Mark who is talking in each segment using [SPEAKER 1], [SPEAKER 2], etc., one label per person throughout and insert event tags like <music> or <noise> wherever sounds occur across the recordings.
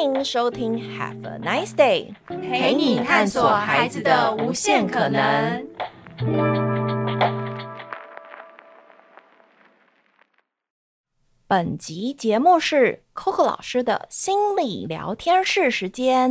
[SPEAKER 1] 歡迎收聽《Have a Nice Day》，陪你探索孩子的無限可能。本集節目是扣扣老師的心理聊天室時間。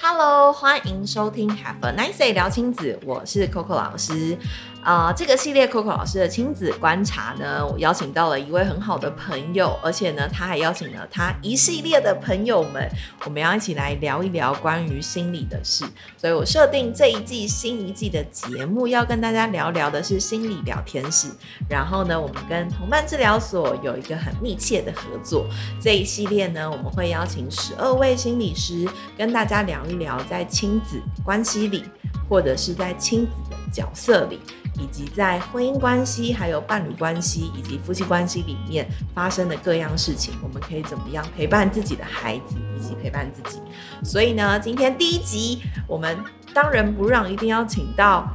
[SPEAKER 1] Hello，歡迎收聽《Have a Nice Day》，聊親子，我是扣扣老師。啊、呃，這個系列扣扣老師的親子觀察呢，我邀請到了一位很好的朋友，而且呢，他還邀請了他一系列的朋友們，我們要一起來聊一聊關於心理的事。所以，我設定這一季新一季的節目要跟大家聊聊的是心理聊天室，然後呢，我們跟童伴治療所，有一個很密切的合作。這一系列呢，我們會邀請十二位心理師跟大家聊一聊在親子關係裡，或者是在親子的角色裡，以及在婚姻關係，還有伴侶關係以及夫妻關係裡面發生的各樣事情，我們可以怎麼樣陪伴自己的孩子，以及陪伴自己？所以呢，今天第一集我們當仁不讓，一定要請到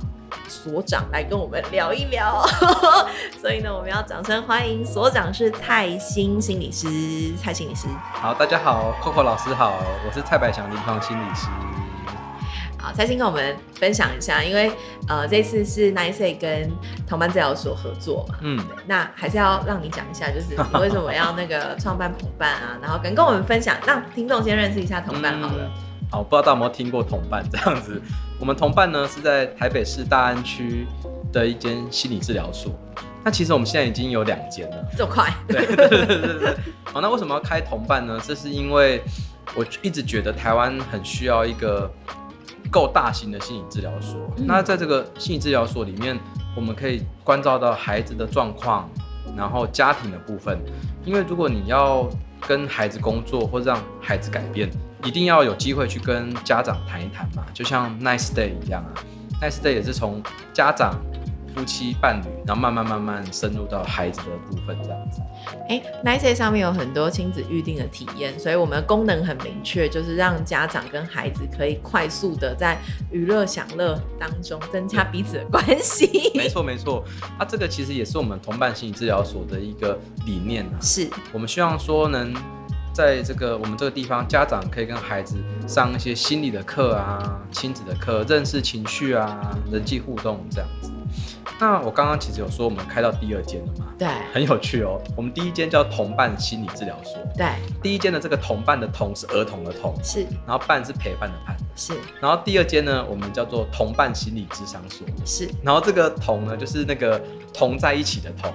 [SPEAKER 1] 所長來跟我們聊一聊。呵呵，所以呢，我們要掌聲歡迎所長是蔡新心理師，蔡心理師。
[SPEAKER 2] 好，大家好，扣扣老師好，我是蔡百祥臨床心理師。
[SPEAKER 1] 蔡 sir 跟我們分享一下，因為呃這次是 Niceday 跟童伴治療所合作嘛，嗯，那還是要讓你講一下，就是你為什麼要那個創辦童伴啊， <laughs> 然後跟跟我們分享，讓聽眾先認識一下童伴，好了，嗯。
[SPEAKER 2] 好，不知道大家有沒有聽過童伴這樣子？我們童伴呢是在台北市大安區的一間心理治療所。那其實我們現在已經有兩間了，這麼快？對。好，那為什麼要開童伴呢？這是因為我一直覺得台灣很需要一個。夠大型的心理治療所，那在這個心理治療所裡面，我們可以關照到孩子的狀況，然後家庭的部分。因為如果你要跟孩子工作或者讓孩子改變，一定要有機會去跟家長談一談嘛。就像 Nice Day 一樣啊，Nice Day 也是從家長。夫妻伴侶，然後慢慢慢慢深入到孩子的部分，這樣子。
[SPEAKER 1] 哎，Nice、欸、上面有很多親子預定的體驗，所以我們的功能很明確，就是讓家長跟孩子可以快速的在娛樂享樂當中增加彼此的
[SPEAKER 2] 關係、嗯嗯嗯。沒錯沒錯，那、啊、這個其實也是我們童伴心理治療所的一個理念啊。是我們希望說能在這個我們這個地方，家長可以跟孩子上一些心理的課啊，親子的課，認識情緒啊，人際互動這樣子。那我剛剛其實有說我們開到第二間了嘛？對，很有趣哦。我們第一間叫童伴心理治療所。對，第一間的這個童伴的童是兒童的童，是。然後伴是陪伴的伴，是。然後第二間呢，我們叫做同伴心理諮商所。是。然後這個同呢，就是那個同在一起的同，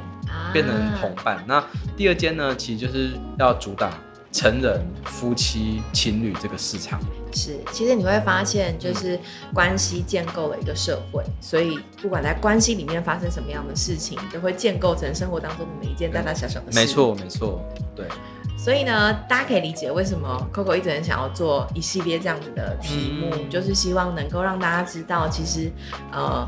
[SPEAKER 2] 變成同伴。啊、那第二間呢，其實就是要主打。成人夫妻情侶這個市場是，
[SPEAKER 1] 其實你會發現，就是關係建構了一個社會，嗯、所以不管在關係裡面發生什麼樣的事情，都會建構成生活當中的每一件大大小小的事，嗯。沒錯，
[SPEAKER 2] 沒錯，對。
[SPEAKER 1] 所以呢，大家可以理解為什麼扣扣一直很想要做一系列這樣子的題目，嗯、就是希望能夠讓大家知道，其實呃，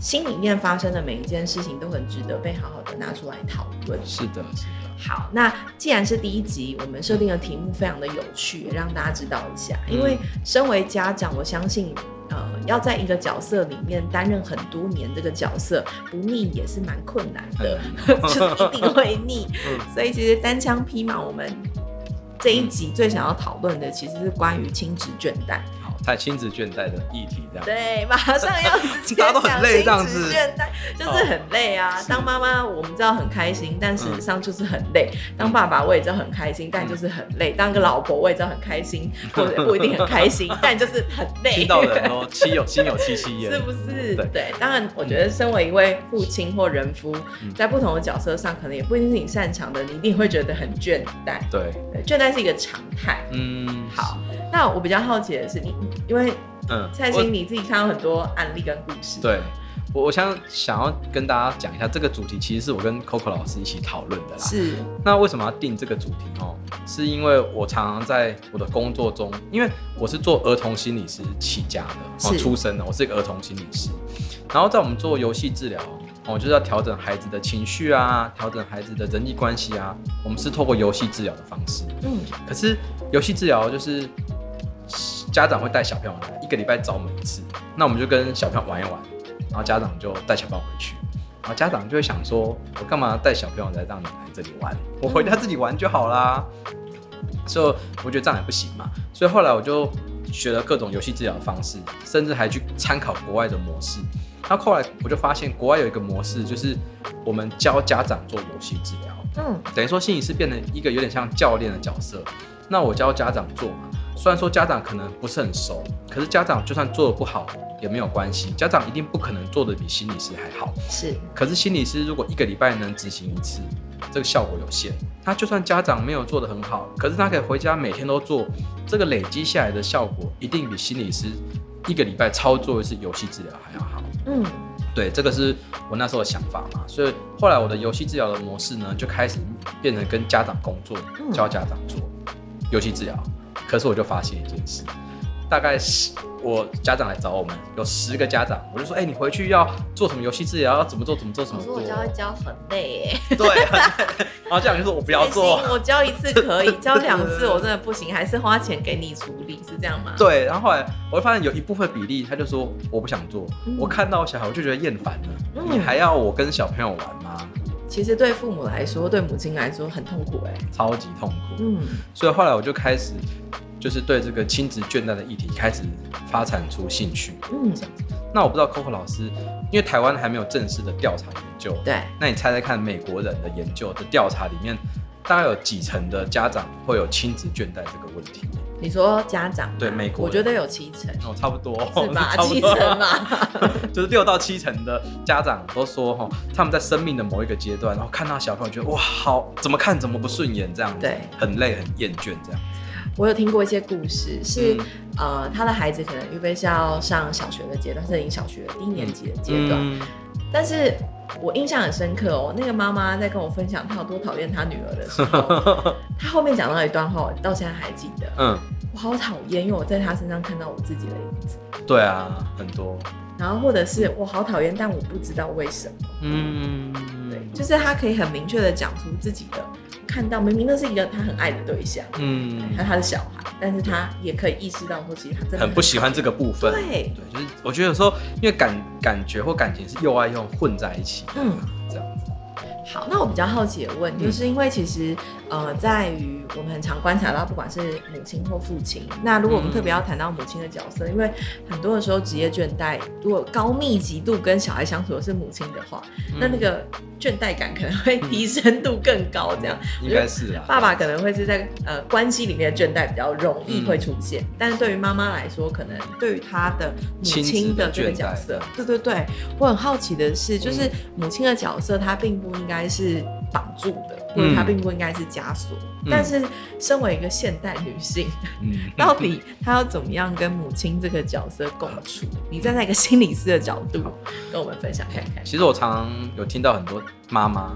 [SPEAKER 1] 心裡面發生的每一件事情都很值得被好好的拿出來討
[SPEAKER 2] 論。是的。好，
[SPEAKER 1] 那既然是第一集，我們設定的題目非常的有趣，讓大家知道一下。因為身為家長，我相信，呃，要在一個角色裡面擔任很多年，這個角色不膩也是蠻困難的， <laughs> 就是一定會膩。 <laughs> 嗯。所以，其實單槍匹馬，我們這一集最想要討論的，其實是關於親子倦怠。
[SPEAKER 2] 談親子倦怠的議題，這樣對，
[SPEAKER 1] 馬上要直接講親子倦怠，就是很累啊。當媽媽，我們知道很開心，但事實上就是很累。當爸爸，我也知道很開心，但就是很累。當個老婆，我也知道很開心，或者不一定很開心，但就是很累。聽到嘍，七有心有戚戚焉，是不是？對，當然，我覺得身為一位父親或人夫，在不同的角色上，可能也不一定是你擅長的，你一定會覺得很倦怠。對，倦怠是一個常態。
[SPEAKER 2] 嗯，好。
[SPEAKER 1] 那我比較好奇的是你，你因為嗯，
[SPEAKER 2] 蔡心，你
[SPEAKER 1] 自己看到很多案例跟
[SPEAKER 2] 故事。嗯、我對，我我想想要跟大家講一下這個主題，其實是我跟扣扣老師一起討論的啦。是。那為什麼要定這個主題哦、喔？是因為我常常在我的工作中，因為我是做兒童心理師起家的，哦、喔，是出身的，我是一個兒童心理師。然後在我們做遊戲治療哦、喔，就是要調整孩子的情緒啊，調整孩子的人際關係啊，我們是透過遊戲治療的方式。嗯。可是遊戲治療就是。家長會帶小朋友來一個禮拜找我們一次，那我們就跟小朋友玩一玩，然後家長就帶小朋友回去，然後家長就會想說：我幹嘛帶小朋友來讓你來這裡玩？我回家自己玩就好啦。所以、嗯 so, 我覺得這樣也不行嘛，所以後來我就學了各種遊戲治療的方式，甚至還去參考國外的模式。那後，後來我就發現，國外有一個模式，就是我們教家長做遊戲治療，嗯，等於說心理師變成一個有點像教練的角色。那我教家長做嘛。雖然說家長可能不是很熟，可是家長就算做的不好也沒有關係。家長一定不可能做的比心理師還好。是，可是心理師如果一個禮拜能執行一次，這個效果有限。他就算家長沒有做的很好，可是他可以回家每天都做，這個累積下來的效果一定比心理師一個禮拜操作一次遊戲治療還要好。嗯，對，這個是我那時候的想法嘛。所以後來我的遊戲治療的模式呢，就開始變成跟家長工作，嗯、教家長做。遊戲治療，可是我就發現一件事，大概十我家長來找我們有十個家長，我就說，哎、欸，你回去要做什麼遊戲治療？要怎麼做？怎麼做？怎麼做？我說我教一
[SPEAKER 1] 教很累耶。對。
[SPEAKER 2] <laughs> 然後家長就說，我不要做。我
[SPEAKER 1] 教一次可以，教兩次我真的不行，還是花錢給你處理，是這樣嗎？對。
[SPEAKER 2] 然後後來我就發現有一部分比例，他就說我不想做，我看到小孩我就覺得厭煩了。嗯、你還要我跟小朋友玩嗎？其實對父母來
[SPEAKER 1] 說，對母親來說很痛苦哎、欸，
[SPEAKER 2] 超級痛苦，嗯，所以後來我就開始，就是對這個親子倦怠的議題開始發展出興趣，嗯，嗯，那我不知道扣扣老師，因為台灣還沒有正式的調查研究，對，那你猜猜看，美國人的研究的調查裡面，大概有幾成的家長會有親子倦怠這個問題？你
[SPEAKER 1] 說家長對美國，我覺得有七成
[SPEAKER 2] 哦，差不多是吧？七成嘛， <laughs> 就是六到七成的家長都說哈，他們在生命的某一個階段，然後看到小朋友覺得哇，好怎麼看怎麼不順眼這樣子，對，很累很厭倦這樣。
[SPEAKER 1] 我有聽過一些故事，是、嗯、呃，他的孩子可能預備是要上小學的階段，是已經小學低年級的階段。嗯、但是我印象很深刻哦，那個媽媽在跟我分享她有多討厭她女兒的
[SPEAKER 2] 時候，
[SPEAKER 1] 她 <laughs> 後面講到一段話，到現在還記得。嗯。我好討厭，因為我在他身上看到我自己的影子。
[SPEAKER 2] 對啊，很多。
[SPEAKER 1] 然後或者是我好討厭，但我不知道為什麼。嗯，
[SPEAKER 2] 對，就是他
[SPEAKER 1] 可以很明確的講出自己的看到，明明那是一個他很愛的對象，嗯，還有他的小孩，但是他也可以意識到說其實他真的很，很不喜
[SPEAKER 2] 歡這個部分。對，對，就是我覺得有時候因為感感覺或感情是又愛又混在一起。嗯。好，那我比
[SPEAKER 1] 較好奇的問題，就是因為其實，呃，在於我們很常觀察到，不管是母親或父親。那如果我們特別要談到母親的角色，嗯、因為很多的時候職業倦怠，如果高密集度跟小孩相處的是母親的話，那那個倦怠感可能會提升度更高。這樣
[SPEAKER 2] 應該是爸
[SPEAKER 1] 爸可能會是在呃關係裡面的倦怠比較容易會出現，嗯、但是對於媽媽來說，可能對於她的母親的這個角色，對對對，我很好奇的是，就是母親的角色，她並不應該。應該是綁住的，或者它並不應該是枷鎖。嗯、但是，身為一個現代女性，嗯、到底她要怎麼樣跟母親這個角色共處？嗯、你站在一個心理師的角度，跟我們分享看
[SPEAKER 2] 看。其實我常常有聽到很多媽媽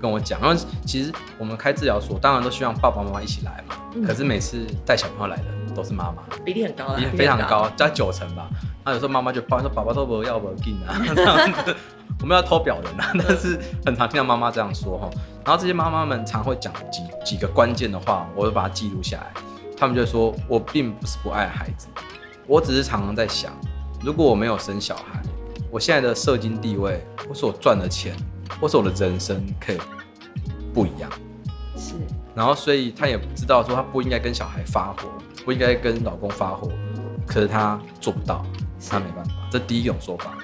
[SPEAKER 2] 跟我講，然後、嗯、其實我們開治療所，當然都希望爸爸媽媽一起來嘛。
[SPEAKER 1] 嗯、可是每
[SPEAKER 2] 次帶小朋友來的都是媽媽，比例很高，非常高，加九成吧。那、啊、有時候媽媽就抱怨說：“爸爸都不要不要進來。” <laughs> 我們要偷表人啊，但是很常聽到媽媽這樣說，然後這些媽媽們常會講幾幾個關鍵的話，我會把它記錄下來。他們就說：“我並不是不愛孩子，我只是常常在想，如果我沒有生小孩，我現在的社經地位，或是我賺的錢，或是我的人生可以不一樣。”是。然後所以她也知道說她不應該跟小孩發火，不應該跟老公發火，可是她做不到，她沒辦法。這第一種說法。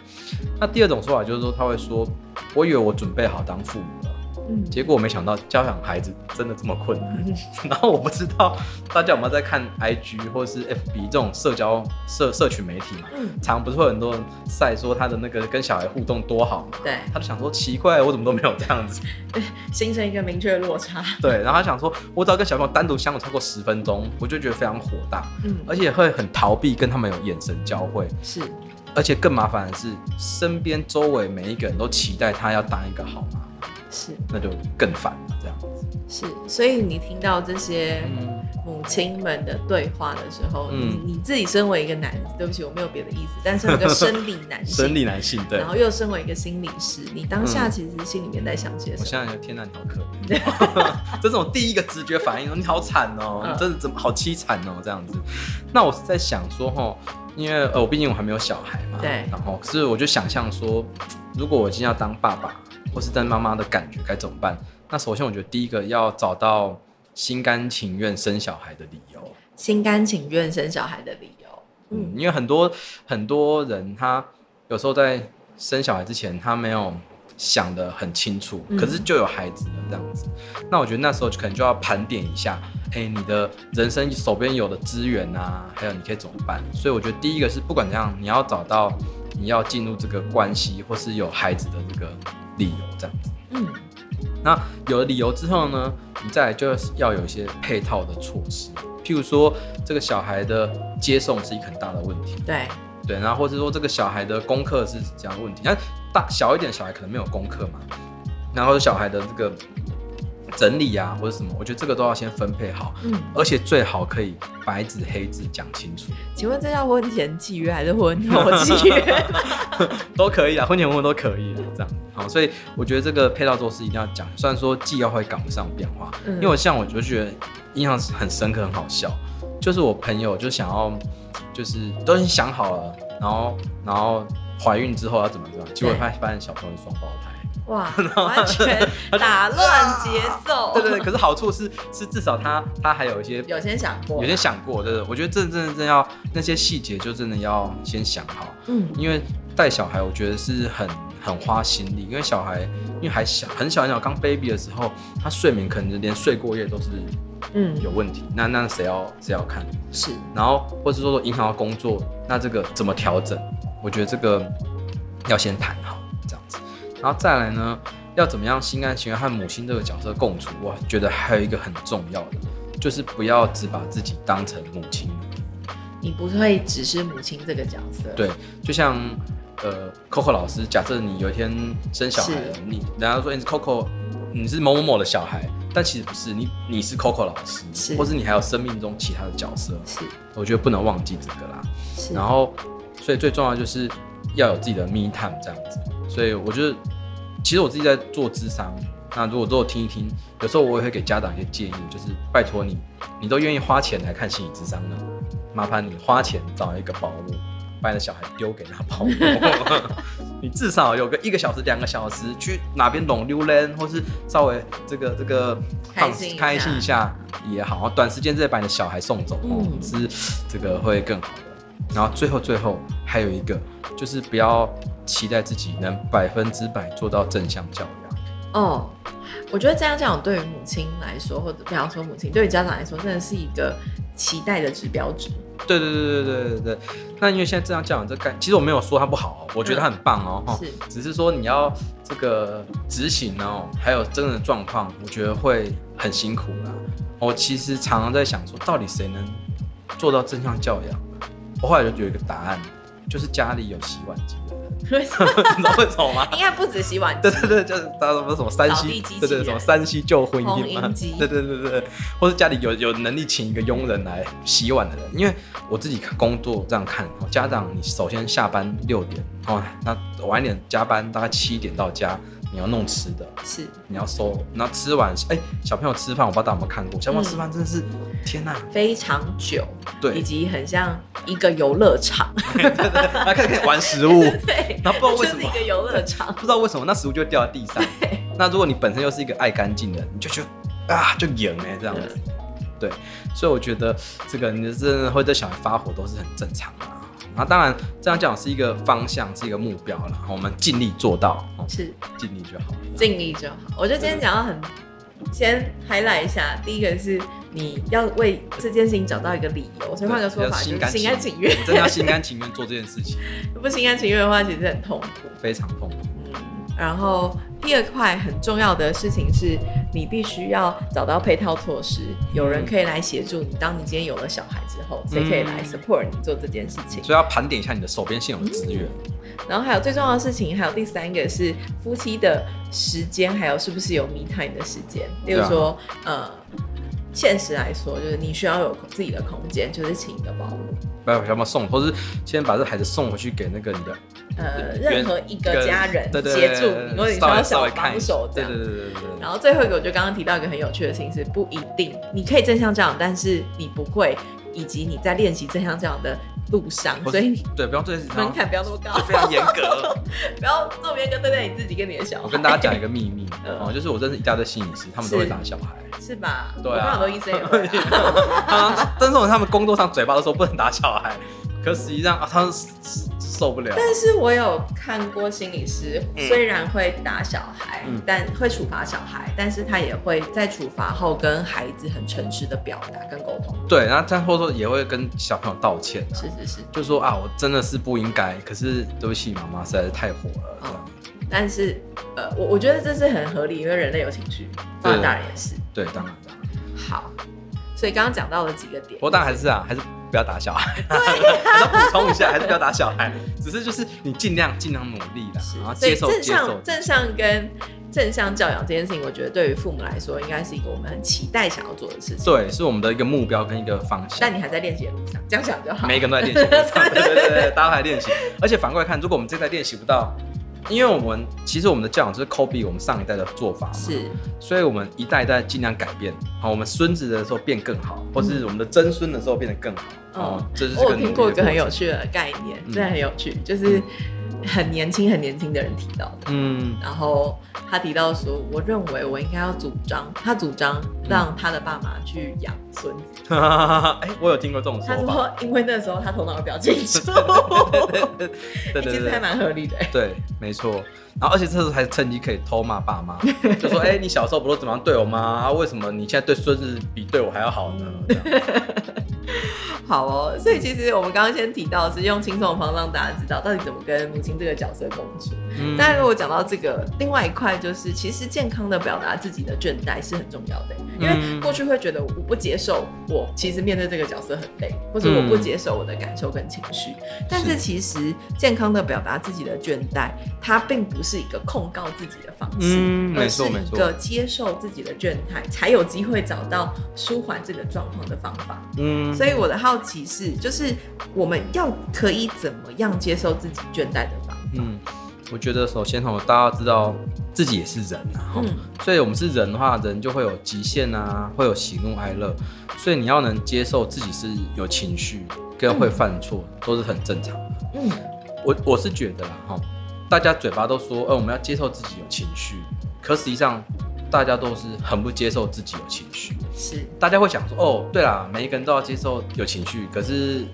[SPEAKER 2] 那第二種說法就是說，他會說：“我以為我準備好當父母了，嗯、結果我沒想到教養孩子真的這麼困難。嗯”然後我不知道大家有沒有在看 I G 或是 F B 這種社交社社群媒體嘛？嗯、常不是會很多人曬說他的那個跟小孩互動多好嘛？對，他就想說：“奇怪，我怎麼都沒有這樣子？”呃、
[SPEAKER 1] 形成一個明確的落差。對，
[SPEAKER 2] 然後他想說：“我只要跟小朋友單獨相處超過十分鐘，我就覺得非常火大。”嗯，而且會很逃避跟他們有眼神交匯。是。而且更麻煩的是，身邊周圍每一個人都期待他要當一個好媽媽。是，那就更煩了。
[SPEAKER 1] 這樣子是，所以你聽到這些母親們的對話的時候，嗯，你，你自己身為一個男子，對不起，我沒有別的意思，但是有一個生理男性， <laughs> 生理男性，對，然後又身為一個心理師，你當下其實心裡面在想些什麼？嗯嗯、我
[SPEAKER 2] 現在覺得天然好可憐、喔，對 <laughs> <laughs> 這種第一個直覺反應，你好慘哦、喔，嗯、真的怎麼好淒慘哦，這樣子。那我是在想說，哈，因為呃，我畢竟我還沒有小孩嘛，對，然後可是我就想象說，如果我今天要當爸爸。或是跟媽媽的感覺該怎麼辦？那首先，我覺得第一個要找到心甘情願生小孩的理由。
[SPEAKER 1] 心甘情願生小孩的理由，
[SPEAKER 2] 嗯，因為很多很多人他有時候在生小孩之前，他沒有想得很清楚，可是就有孩子了這樣子。嗯、那我覺得那時候可能就要盤點一下，誒、欸，你的人生手邊有的資源啊，還有你可以怎麼辦？所以我覺得第一個是不管怎樣，你要找到你要進入這個關係，或是有孩子的這個。理由這樣子，嗯，那有了理由之後呢，你再來就要有一些配套的措施，譬如說這個小孩的接送是一個很大的問題，對對，然後或是說這個小孩的功課是這樣的問題，那大小一點的小孩可能沒有功課嘛，然後小孩的這個。整理啊，或者什麼，我覺得這個都要先分配好，嗯，而且最好可以白紙黑字講清楚。
[SPEAKER 1] 請問這叫婚前契約還是婚後契
[SPEAKER 2] 約？都可以啊，婚前婚後都可以啊，這樣。嗯、好，所以我覺得這個配套措施一定要講，雖然說計劃會趕不上變化。嗯、因為我像我就覺得印象很深刻，很好笑，就是我朋友就想要，就是都已經想好了，然後然後懷孕之後要怎麼着，對結果發現小朋友是雙胞胎。哇！完全
[SPEAKER 1] <laughs> 就打亂節奏。對，對對，
[SPEAKER 2] 可是好處是是至少他他還有一些，有些想過，有些想過，對對。我覺得真的真的真的要那些細節就真的要先想好，嗯，因為帶小孩我覺得是很很花心力，因為小孩因為還小，很小很小，剛 baby 的時候，他睡眠，可能就連睡過夜都是嗯有問題。嗯、那那誰要誰要看？是。然後或是說說影響到工作，那這個怎麼調整？我覺得這個要先談好。然後再來呢，要怎麼樣心甘情願和母親這個角色共處？我覺得還有一個很重要的，就是不要只把自己當成母親。
[SPEAKER 1] 你不會只是母親這個角色。對，
[SPEAKER 2] 就像呃，扣扣老師，假設你有一天生小孩，是你人家說你是扣扣，你是某某某的小孩，但其實不是，你你是扣扣老師，是或是你還有生命中其他的角色。是，我覺得不能忘記這個啦。是，然後所以最重要的就是要有自己的 me time 這樣子。所以我覺得，其實我自己在做智商。那如果做我聽一聽，有時候我也會給家長一些建議，就是拜托你，你都願意花錢來看心理智商呢，麻煩你花錢找一個保姆，把你的小孩丟給他保姆。 <laughs> <laughs> 你至少有個一個小時、兩個小時，去哪邊攏溜來，或是稍微這個這個放，開心開心一下也好，短時間再把你的小孩送走，嗯嗯、是這個會更好。然後最後最後還有一個，就是不要期待自己能百分之百做到正向教養。
[SPEAKER 1] 哦，我覺得這樣教養對於母親來說，或者不要說母親對於家長來說，真的是一個期待的指標
[SPEAKER 2] 值。對對對對對對對。那因為現在這樣教養這概，其實我沒有說它不好、哦，我覺得它很棒哦。嗯、哦是。只是說你要這個執行哦，還有真的狀況，我覺得會很辛苦啦、啊。我其實常常在想說，到底誰能做到正向教養？我後來就有一個答案，就是家裡有洗碗機的
[SPEAKER 1] 人，
[SPEAKER 2] 為什麼為什麼？應該
[SPEAKER 1] 不止洗碗機， <laughs> 碗機對
[SPEAKER 2] 對對，就是什麼什麼山西，對，對對，什麼山西救婚姻嗎？對對對對，或是家裡有有能力請一個傭人來洗碗的人，因為我自己工作這樣看，家長你首先下班六點哦，那晚一點加班大概七點到家。你要弄吃的，是你要收。那吃完，哎、欸，小朋友吃飯，我不知道大家有沒有看過，小朋友吃飯
[SPEAKER 1] 真的是，嗯、天吶哪，非常
[SPEAKER 2] 久，對，以
[SPEAKER 1] 及很像一個遊樂場， <laughs> 對，對對，
[SPEAKER 2] 可以玩食物，對，那不知道為什麼一個遊樂場，不知道為什麼那食物就會掉在地上，對那如果你本身又是一個愛乾淨的，你就啊就啊就贏哎這樣子，嗯、對，所以我覺得這個你就是會對小孩發火都是很正常的、啊。那、啊、當然，這樣講是一個方向，是一個目標了。我們盡力做到，哦、是盡力就好，
[SPEAKER 1] 盡力就好。我覺得今天講到很，對先 highlight 一下。第一個是你要為這件事情找到一個理由，先換個說法，就是，心甘情願。情你真的要心甘
[SPEAKER 2] 情願做這件事情， <laughs> 不心甘情願的話，其實很痛苦，非常痛苦。
[SPEAKER 1] 然後第二塊很重要的事情是，你必須要找到配套措施，有人可以來協助你。當你今天有了小孩之後，嗯、誰可以來 support 你做
[SPEAKER 2] 這件事情？所以要盤點一下你的手邊現有的資源、嗯。
[SPEAKER 1] 然後還有最重要的事情，還有第三個是夫妻的時間，還有是不是有 me time 的時間。例如說，啊、呃，現實來說，就是你需要有自己的空間，就是請一個保姆。
[SPEAKER 2] 要不要送？或是先把這孩子送回去給那個你的呃任何一個家人接住。或者你要稍微小幫手。對對對，對然
[SPEAKER 1] 後最後一個，我就剛剛提到一個很有趣的事情是，不一定你可以正向這樣，但是你不會。以及你在練習這樣這樣的路上，是所以對，不要對
[SPEAKER 2] 門檻不要那麼高，非常嚴格，
[SPEAKER 1] <laughs> 不要坐邊就對待你自己跟你的小孩。嗯、我跟
[SPEAKER 2] 大家講一個秘密，嗯嗯、就是我認識一大堆心理師，他們都會打小孩，是，
[SPEAKER 1] 是吧？對啊，好多醫生也會
[SPEAKER 2] <laughs> <laughs> 啊，但是他們工作上嘴巴都說不能打小孩。可實際上啊，他是是是受不了、啊。但是
[SPEAKER 1] 我有看過心理師，雖然會打小孩，嗯、但會處罰小孩，但是他也會在處罰後跟孩子很誠實的表達跟溝通。
[SPEAKER 2] 對，然後在後頭也會跟小朋友道歉、啊。是是是，就說啊，我真的是不應該，可是對不起，媽媽實在是太火了
[SPEAKER 1] 是、哦、但是呃，我我覺得這是很合理，因為人類有情緒，
[SPEAKER 2] 大人也是對。對，當然。好，所以
[SPEAKER 1] 剛剛講到了幾個點。
[SPEAKER 2] 我當還是啊，就是、還是。不要打小孩。然補、啊、充，一下， <laughs> 還是不要打小孩。 <laughs> 只是就是你盡量盡量努力啦，是然後接受正向接受正
[SPEAKER 1] 向跟正向教養這件事情，我覺得對於父母來說，應該是一個我們很期待想要做的事
[SPEAKER 2] 情。對，是我們的一個目標跟一個方向。嗯、
[SPEAKER 1] 但你還在練習的路上，這樣想就好。每一個人都在練習路
[SPEAKER 2] 上， <laughs> 對，對，對對對，大家還在練習。而且反過來看，如果我們這代練習不到，因為我們其實，我們的教養就是 copy 我們上一代的做法嘛，是，所以我們一代一代盡量改變，好，我們孫子的時候變更好，或是我們的曾孫的時候變得更好。嗯哦,這是哦，我聽過一個很有趣
[SPEAKER 1] 的概念，嗯、真的很有趣，就是很年輕、很年輕的人提到的。嗯，然後他提到說，我認為我應該要主張，他主張讓他的爸媽去養孫
[SPEAKER 2] 子。哎、嗯 <laughs> 欸，我有聽過這種說法。他說，
[SPEAKER 1] 因為那時候他頭腦比較清楚。 <laughs> 對對,
[SPEAKER 2] 對,對,對、欸、其實還蠻合理的、欸。對，沒錯。然後，而且這時候還趁機可以偷罵爸媽， <laughs> 就說：“哎、欸，你小時候不都怎麼樣對我嗎、啊？為什麼你現在對孫子比對我還要好呢？” <laughs>
[SPEAKER 1] 好哦，所以其實我們剛剛先提到的是用輕鬆的方法讓大家知道到底怎麼跟母親這個角色共處。嗯，但如果講到這個另外一塊，就是其實健康的表達自己的倦怠是很重要的、欸，因為過去會覺得我不接受，我其實面對這個角色很累，或者我不接受我的感受跟情緒。嗯、但是其實健康的表達自己的倦怠，它並不是一個控告自己的方式，嗯，沒錯沒錯，而是一個接受自己的倦怠，才有機會找到舒緩這個狀況的方法。嗯，所以我的號。好奇是，就是我們要可以怎麼樣接受自己倦怠的吧？
[SPEAKER 2] 嗯，我覺得首先，我們大家知道自己也是人啊，嗯，所以我們是人的話，人就會有極限啊，會有喜怒哀樂，所以你要能接受自己是有情緒跟會犯錯，嗯、都是很正常的。嗯，我我是覺得哈，大家嘴巴都說，呃，我們要接受自己有情緒，可實際上。大家都是很不接受自己有情緒，
[SPEAKER 1] 是
[SPEAKER 2] 大家會想說哦、喔，對啦，每一個人都要接受有情緒，可是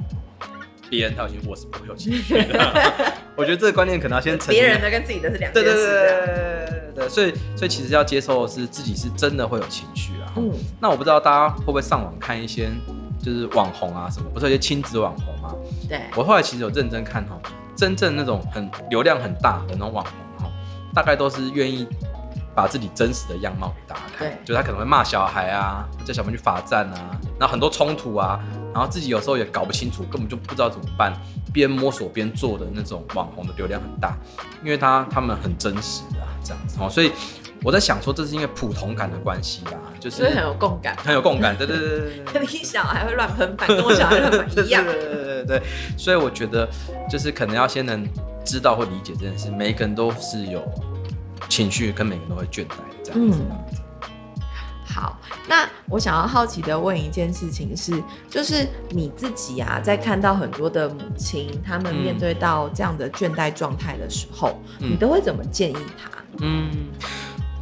[SPEAKER 2] 別人他有情緒，我是不會有情緒、 <laughs> 啊。我覺得這個觀念可能要先成。別人的
[SPEAKER 1] 跟自己的是兩。對對對對
[SPEAKER 2] 對。對、對、對，所以所以其實要接受的是自己是真的會有情緒啊。嗯。那我不知道大家會不會上網看一些就是網紅啊什麼，不是有些親子網紅啊。對。我後來其實有認真看哈、喔，真正那種很流量很大的那種網紅、喔、大概都是願意。把自己真實的樣貌給大家看，對就他可能會罵小孩啊，叫小朋友去罰站啊，然後很多衝突啊，然後自己有時候也搞不清楚，根本就不知道怎麼辦，邊摸索邊做的那種網紅的流量很大，因為他他們很真實的啊，這樣子哦，所以我在想說，這是因為普同感的關係吧、啊，就是很有共感，很有共感，對對對對對，跟
[SPEAKER 1] <laughs> 你小孩會亂噴飯，跟我小孩亂噴一樣，對
[SPEAKER 2] 對對對，所以我覺得就是可能要先能知道或理解這件事，每一個人都是有。情緒跟每個人都會倦怠這樣子，這樣子，嗯。好，
[SPEAKER 1] 那我想要好奇的問一件事情是，就是你自己啊，在看到很多的母親他們面對到這樣的倦怠狀態的時候，嗯、你都會怎麼建議他？
[SPEAKER 2] 嗯，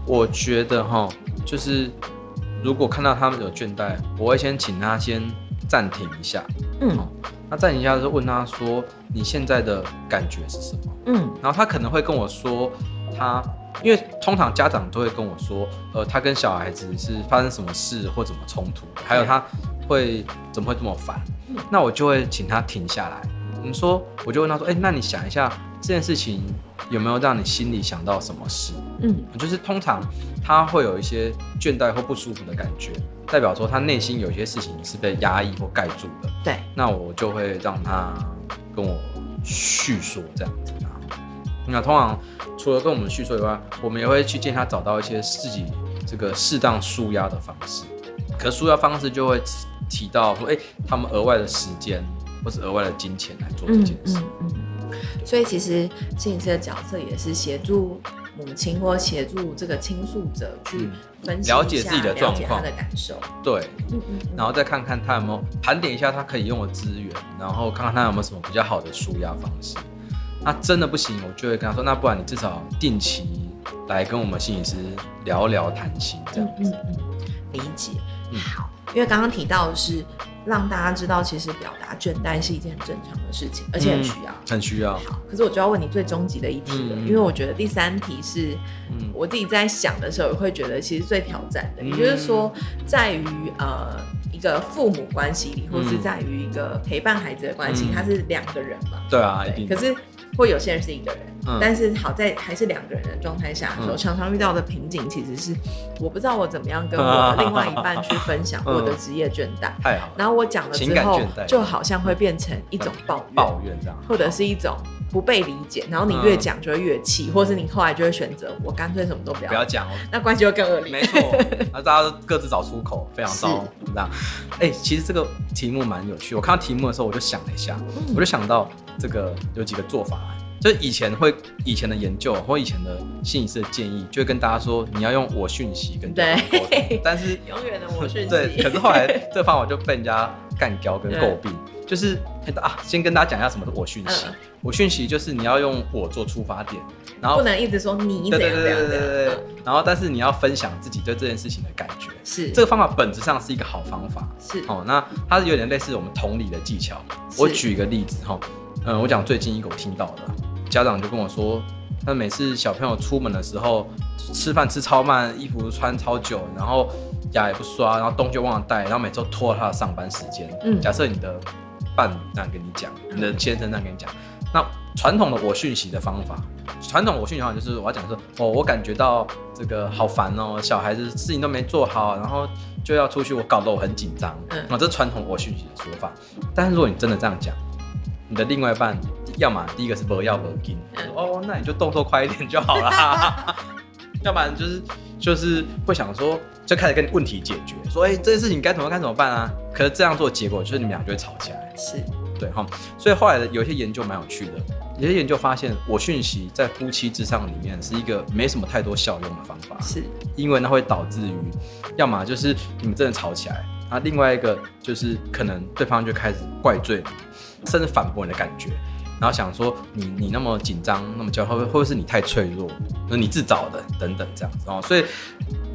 [SPEAKER 2] 我覺得齁，就是如果看到他們有倦怠，我會先請他先暫停一下。嗯，哦、那暫停一下之後，問他說你現在的感覺是什麼？嗯，然後他可能會跟我說。他，因為通常家長都會跟我說，呃，他跟小孩子是發生什麼事或怎麼衝突，對還有他會怎麼會這麼煩，嗯、那我就會請他停下來。你說，我就問他說，哎、欸，那你想一下這件事情有沒有讓你心裡想到什麼事？嗯，就是通常他會有一些倦怠或不舒服的感覺，代表說他內心有一些事情是被壓抑或蓋住的。對，那我就會讓他跟我敘述這樣子。那通常除了跟我們敘說以外，我們也會去建議他找到一些自己這個適當舒壓的方式。可是舒壓方式就會提到說，哎、欸，他們額外的時間或是額外的金錢來做這件事。嗯
[SPEAKER 1] 嗯嗯、所以其實心理師的角色也是協助母親或協助這個傾訴者去分析、嗯、了解自己的狀況、的感
[SPEAKER 2] 受。對，嗯嗯。嗯嗯然後再看看他有沒有盤點一下他可以用的資源，然後看看他有沒有什麼比較好的舒壓方式。那真的不行，我就會跟他說：“那不然你至少定期來跟我們心理師聊聊談心，這樣子。”理解，好。
[SPEAKER 1] 因為剛剛提到的是讓大家知道，其實表達倦怠是一件很正常的事情，而且很需要，
[SPEAKER 2] 很需要。好，
[SPEAKER 1] 可是我就要問你最終極的一題了，因為我覺得第三題是，我自己在想的時候，也會覺得其實最挑戰的，也就是說，在於呃一個父母關係裡，或是在於一個陪伴孩子的關係，它是兩個人嘛？
[SPEAKER 2] 對啊，對。可是。
[SPEAKER 1] 或有些人是一個人，嗯、但是好在還是兩個人的狀態下的時候、嗯、常常遇到的瓶頸其實是我不知道我怎麼樣跟我的另外一半去分享、啊、我的職業倦怠，然後我講了之後就好像會變成一種抱怨，嗯、
[SPEAKER 2] 抱怨這樣，
[SPEAKER 1] 或者是一種。不被理解，然後你越講就會越氣，或是你後來就會選擇，我乾脆什麼都不要講，那關係會更惡劣。沒
[SPEAKER 2] 錯，那大家各自找出口，非常糟，哎，其實這個題目蠻有趣。我看到題目的時候，我就想了一下，我就想到這個有幾個做法，就以前會以前的研究或以前的心理師的建議，就會跟大家說你要用我訊息跟
[SPEAKER 1] 對，
[SPEAKER 2] 但是永遠的我訊息。對，可是後來這個方法就被人家幹掉跟詬病。就是啊，先跟大家講一下什麼是我訊息。啊、我訊息就是你要用我做出發點，然後不能一
[SPEAKER 1] 直說你對對對對
[SPEAKER 2] 對對。嗯、然後但是你要分享自己對這件事情的感覺。是這個方法本質上是一個好方法。是哦，那它是有點類似我們同理的技巧。是。我舉一個例子哈，嗯，我講最近一個我聽到的家長就跟我說，他每次小朋友出門的時候，吃飯吃超慢，衣服穿超久，然後牙也不刷，然後東西就忘了帶，然後每周拖他的上班時間。嗯，假設你的。伴侶這樣跟你講，你的先生這樣跟你講，嗯、那傳統的我訊息的方法，傳統我訊息方法就是我要講說，哦，我感覺到這個好煩哦、喔，小孩子事情都沒做好，然後就要出去，我搞得我很緊張，嗯，啊，這傳統我訊息的說法。但是如果你真的這樣講，你的另外一半，要麼第一個是不要不要緊，哦，那你就動作快一點就好了， <laughs> 要不然就是就是會想說，就開始跟問題解決，說，哎、欸，這件事情該怎麼該怎麼辦啊？可是這樣做結果就是你們倆就會吵架。是對哈，所以後來的有一些研究蠻有趣的，有些研究發現，我訊息在夫妻之上裡面是一個沒什麼太多效用的方法，是因為那會導致於，要麼就是你們真的吵起來，啊，另外一個就是可能對方就開始怪罪你，甚至反駁你的感覺。然後想說，你你那麼緊張那麼焦慮，會不會是你太脆弱？那你自找的等等這樣子哦。所以，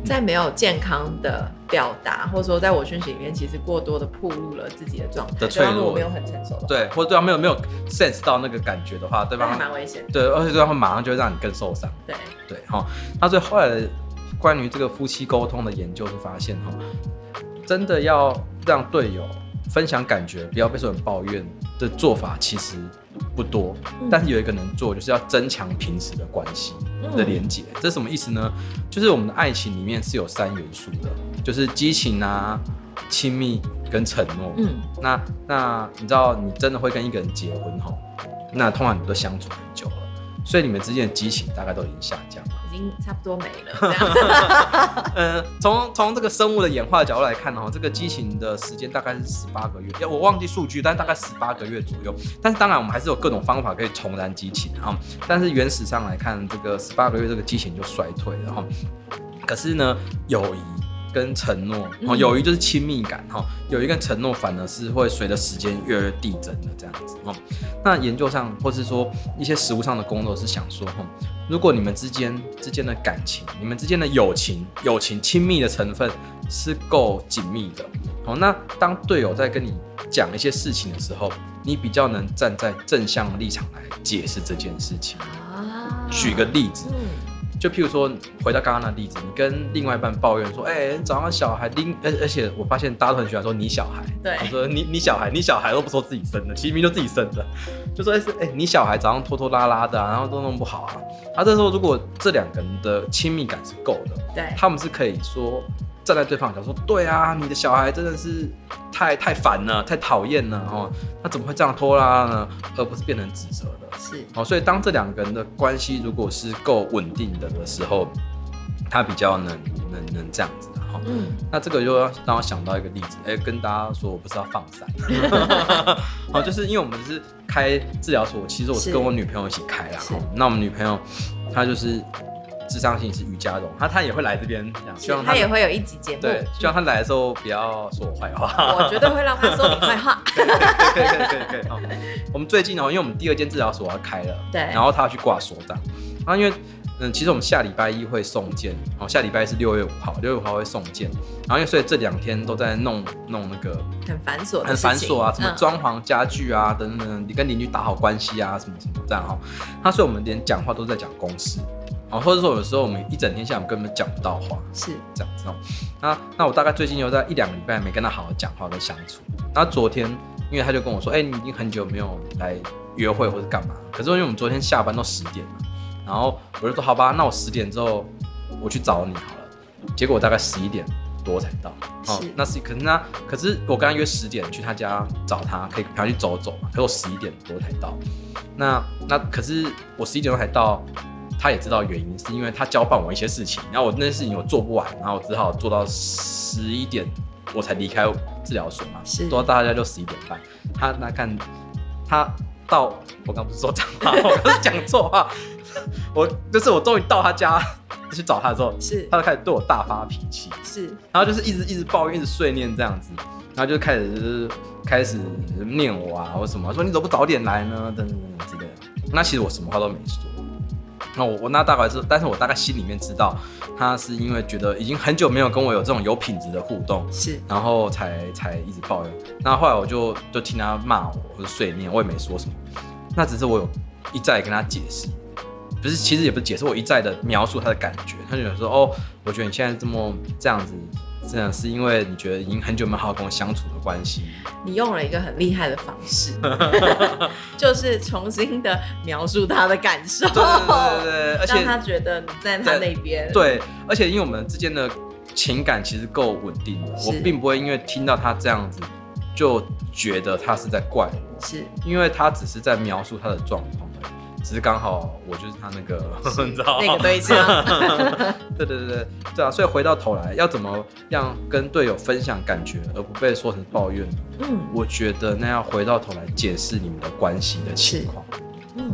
[SPEAKER 1] 在沒有健康的表達，或者說在我訊息裡面，其實過多的暴露了自己的狀態脆弱，沒有很成熟，
[SPEAKER 2] 對，或者對方沒有沒有 sense 到那個感覺的話，對方還蠻
[SPEAKER 1] 危險，對，而且
[SPEAKER 2] 對方會馬上就會讓你更受傷，對對哈、哦。那所以後來關於這個夫妻溝通的研究是發現哈、哦，真的要讓隊友分享感覺，不要被所有人抱怨的做法，嗯、其實。不多，但是有一個能做，就是要增強平時的關係、嗯、的連接。這是什麼意思呢？就是我們的愛情裡面是有三元素的，就是激情啊、親密跟承諾。嗯，那那你知道，你真的會跟一個人結婚齁，那通常你們都相處很久了，所以你們之間的激情大概都已經下降，差不多沒了、 <laughs> 呃。嗯，從從這個生物的演化的角度來看，哦、喔，這個激情的時間大概是十八個月，我忘記數據，但大概十八個月左右。但是當然，我們還是有各種方法可以重燃激情啊、喔。但是原始上來看，這個十八個月這個激情就衰退了哈、喔。可是呢，友誼跟承諾，哦、喔，友誼就是親密感哈，嗯、友誼跟承諾反而是會隨着時間越來越遞增的這樣子哈、喔。那研究上或是說一些實務上的工作是想說哈。如果你們之間之間的感情，你們之間的友情，友情親密的成分是夠緊密的。好，哦，那當隊友在跟你講一些事情的時候，你比較能站在正向的立場來解釋這件事情。啊，舉個例子。嗯就譬如說，回到剛剛那例子，你跟另外一半抱怨說：“哎、欸，早上小孩拎，而而且我發現大家都很喜歡說你小孩，對，他說你你小孩，你小孩都不說自己生的，其實明就自己生的，就說、欸、是哎、欸，你小孩早上拖拖拉拉，拉的、啊，然後都弄不好啊。啊”他這時候如果這兩個人的親密感是夠的，對，他們是可以說。站在對方角，說，對啊，你的小孩真的是太太煩了，太討厭了、嗯、哦，他怎麼會這樣拖拉呢？而不是變成指責的，是哦。所以當這兩個人的關係如果是夠穩定的的時候，他比較能能能這樣子的哈。哦、嗯，那這個又要讓我想到一個例子，哎、欸，跟大家說，我不是要放閃。’ <laughs> 好、 <laughs> 哦，就是因為我們是開治療所，其實我是跟我女朋友一起開然後那我們女朋友她就是。諮商心理師於嘉榮，他他也會來這邊，希望他，他也會有一
[SPEAKER 1] 集節目。對，嗯、希望
[SPEAKER 2] 他來的時候不要說我壞話。我絕對會
[SPEAKER 1] 讓他說你壞話 <laughs> <laughs> 可。可以可以可以可
[SPEAKER 2] 以。哦、 <laughs> 喔，我們最近哦、喔，因為我們第二間治療所要開了，對，然後他要去掛所長。然、啊、後因為嗯，其實我們下禮拜一會送件，哦、喔，下禮拜是六月五號，六月五號會送件。然後因為所以這兩天都在弄弄那個很
[SPEAKER 1] 繁瑣很繁瑣啊，什麼裝
[SPEAKER 2] 潢家具啊、嗯、等等，你跟鄰居打好關係啊，什麼什麼這樣哈、喔。他、啊、所以我們連講話都在講公司。啊，或者說有時候我們一整天下午根本講不到話，是這樣子哦。那那我大概最近有在一兩個禮拜沒跟他好好講話跟相處。那昨天，因為他就跟我說，哎、欸，你已經很久沒有來約會或者幹嘛。可是因為我們昨天下班都十點了，然後我就說好吧，那我十點之後我去找你好了。結果我大概十一點多才到。是、哦。那是，可是呢？可是我跟他約十點去他家找他，可以陪他去走走嘛？可是我十一點多才到。那那可是我十一點多才到。他也知道原因，是因為他交辦我一些事情，然後我那些事情我做不完，然後我只好做到十一點，我才離開治療所嘛。是，到他家就十一點半。他那看，他到我剛不是說髒話， <laughs> 我剛講錯話。 <laughs> 我就是我終於到他家去找他的時候，是他就開始對我大發脾氣。是，然後就是一直一直抱怨，一直碎念這樣子，然後就開始、就是、開始念我啊，我什麼說你怎麼不早點來呢？等等等等之類的。那其實我什麼話都沒說。那我我那大概是，但是我大概心裡面知道，他是因為覺得已經很久沒有跟我有這種有品質的互動，是，然後才才一直抱怨。那後來我就就聽他罵我，我是碎念，我也沒說什麼。那只是我有一再跟他解釋，不是，其實也不是解釋，我一再的描述他的感覺。他就想說哦，我覺得你現在這麼這樣子。這樣是因為你覺得已經很久沒有好好跟我相處的關係。
[SPEAKER 1] 你用了一個很厲害的方式，
[SPEAKER 2] <laughs>
[SPEAKER 1] <laughs> 就是重新的描述他的感受，對對，對對對，而且讓他覺得你在他那邊對對。
[SPEAKER 2] 對，而且因為我們之間的情感其實夠穩定的，是我並不會因為聽到他這樣子就覺得他是在怪我，是因為他只是在描述他的狀況。只是剛好，我就是他那個是， <laughs> 你知道嗎？那個對象。 <laughs> 對對對對，對啊，所以回到頭來，要怎麼樣跟隊友分享感覺，而不被說成抱怨？嗯，我覺得那要回到頭來解釋你們的關係的情況。
[SPEAKER 1] 嗯，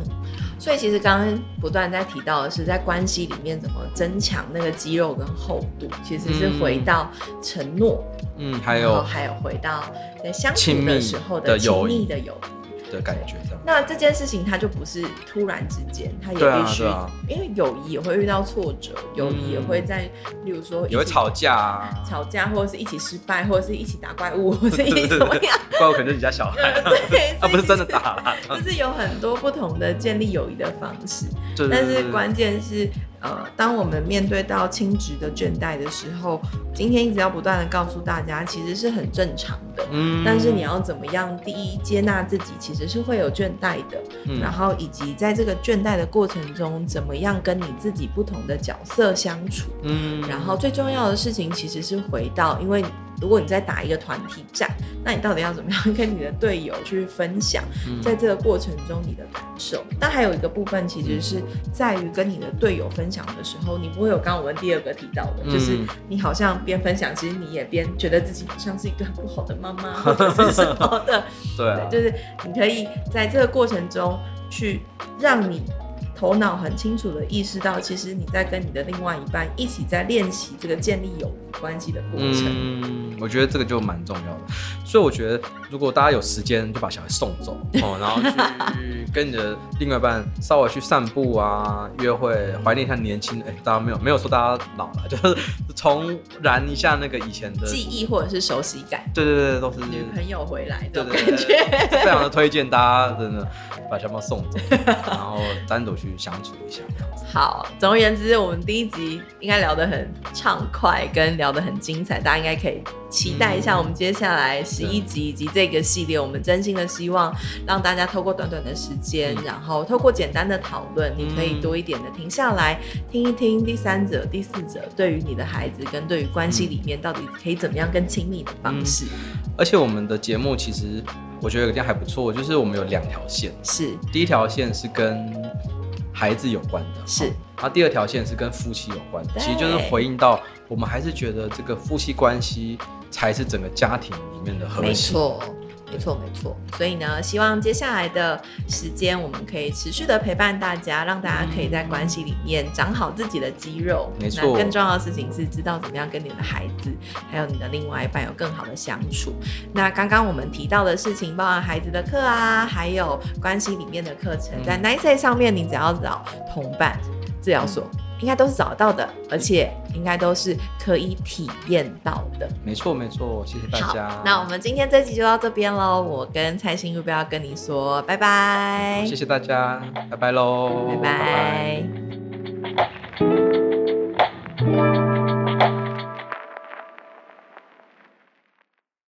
[SPEAKER 1] 所以其實剛剛不斷在提到的是，在關係裡面怎麼增強那個肌肉跟厚度，其實是回到承諾，
[SPEAKER 2] 嗯，還有還
[SPEAKER 1] 有回到在親密的時候的友誼的友。
[SPEAKER 2] 的感覺，那
[SPEAKER 1] 這件事情，它就不是突然之間，他也必須，啊啊、因為友誼也會遇到挫折，嗯、友誼也會在，例如說，也會吵
[SPEAKER 2] 架啊，
[SPEAKER 1] 吵架或者是一起失敗，或者是一起打怪物，或者一起怎麼樣？對對對，怪物可
[SPEAKER 2] 能是你家小孩， <laughs> 對，他是、啊、不是真的打啦，就是
[SPEAKER 1] 有很多不同的建立友誼的方式。對，對，對，對，對，但是關鍵是、呃，當我們面對到親職的倦怠的時候，今天一直要不斷的告訴大家，其實是很正常的。嗯，但是你要怎麼樣？第一，接納自己其實是會有倦怠的，嗯、然後以及在這個倦怠的過程中，怎麼樣跟你自己不同的角色相處？嗯，然後最重要的事情其實是回到，因為。如果你在打一個團體戰，那你到底要怎麼樣跟你的隊友去分享，在這個過程中你的感受？但、嗯、還有一個部分，其實是在於跟你的隊友分享的時候，你不會有剛剛我們第二個提到的，嗯、就是你好像邊分享，其實你也邊覺得自己好像是一個很不好的媽媽 <laughs> 或者是什麼好的。
[SPEAKER 2] <laughs> 對，啊、對，就
[SPEAKER 1] 是你可以在這個過程中去讓你。頭腦很清楚的意識到，其實你在跟你的另外一半一起在練習這個建立友誼關係的過
[SPEAKER 2] 程。嗯，我覺得這個就蠻重要的。所以我覺得，如果大家有時間，就把小孩送走哦，然後去跟你的另外一半稍微去散步啊、約會，懷念一下年輕。哎、欸，大家沒有沒有說大家老了，就是重燃一下那個以前的記憶
[SPEAKER 1] 或者是熟悉感。
[SPEAKER 2] 對對對，都是女朋友回來的感
[SPEAKER 1] 覺。對對對，非常
[SPEAKER 2] 的推薦大家，真的。把小送走， <laughs> 然後單獨去相處一下。 <laughs>
[SPEAKER 1] 好，總而言之，我們第一集應該聊得很暢快，跟聊得很精彩，大家應該可以期待一下我們接下來十一集以及這個系列。嗯、我們真心的希望，讓大家透過短短的時間，嗯、然後透過簡單的討論，嗯、你可以多一點的停下來聽一聽第三者、第四者對於你的孩子跟對於關係裡面到底可以怎麼樣更親密的
[SPEAKER 2] 方式。嗯嗯而且我們的節目其實，我覺得有點還不錯，就是我們有兩條線。是。第一條線是跟孩子有關的。是。然後、啊、第二條線是跟夫妻有關的。對其實就是回應到我們還是覺得這個夫妻關係才是整個家庭裡面的核心。沒錯。
[SPEAKER 1] 沒錯，沒錯。所以呢，希望接下來的時間，我們可以持續的陪伴大家，讓大家可以在關係裡面長好自己的肌肉。嗯、沒錯。那更重要的事情是，知道怎麼樣跟你的孩子，還有你的另外一半有更好的相處。那剛剛我們提到的事情，包含孩子的課啊，還有關係裡面的課程，嗯、在 Nice 上面，你只要找童伴治療所。嗯應該都是找到的，而且應該都是可以體驗到
[SPEAKER 2] 的。沒錯，沒錯，謝謝大家。好，那
[SPEAKER 1] 我們今天這集就到這邊嘍。嗯、我跟蔡心理師要跟你說，拜
[SPEAKER 2] 拜。謝謝大家，拜拜嘍，拜拜。拜拜拜拜。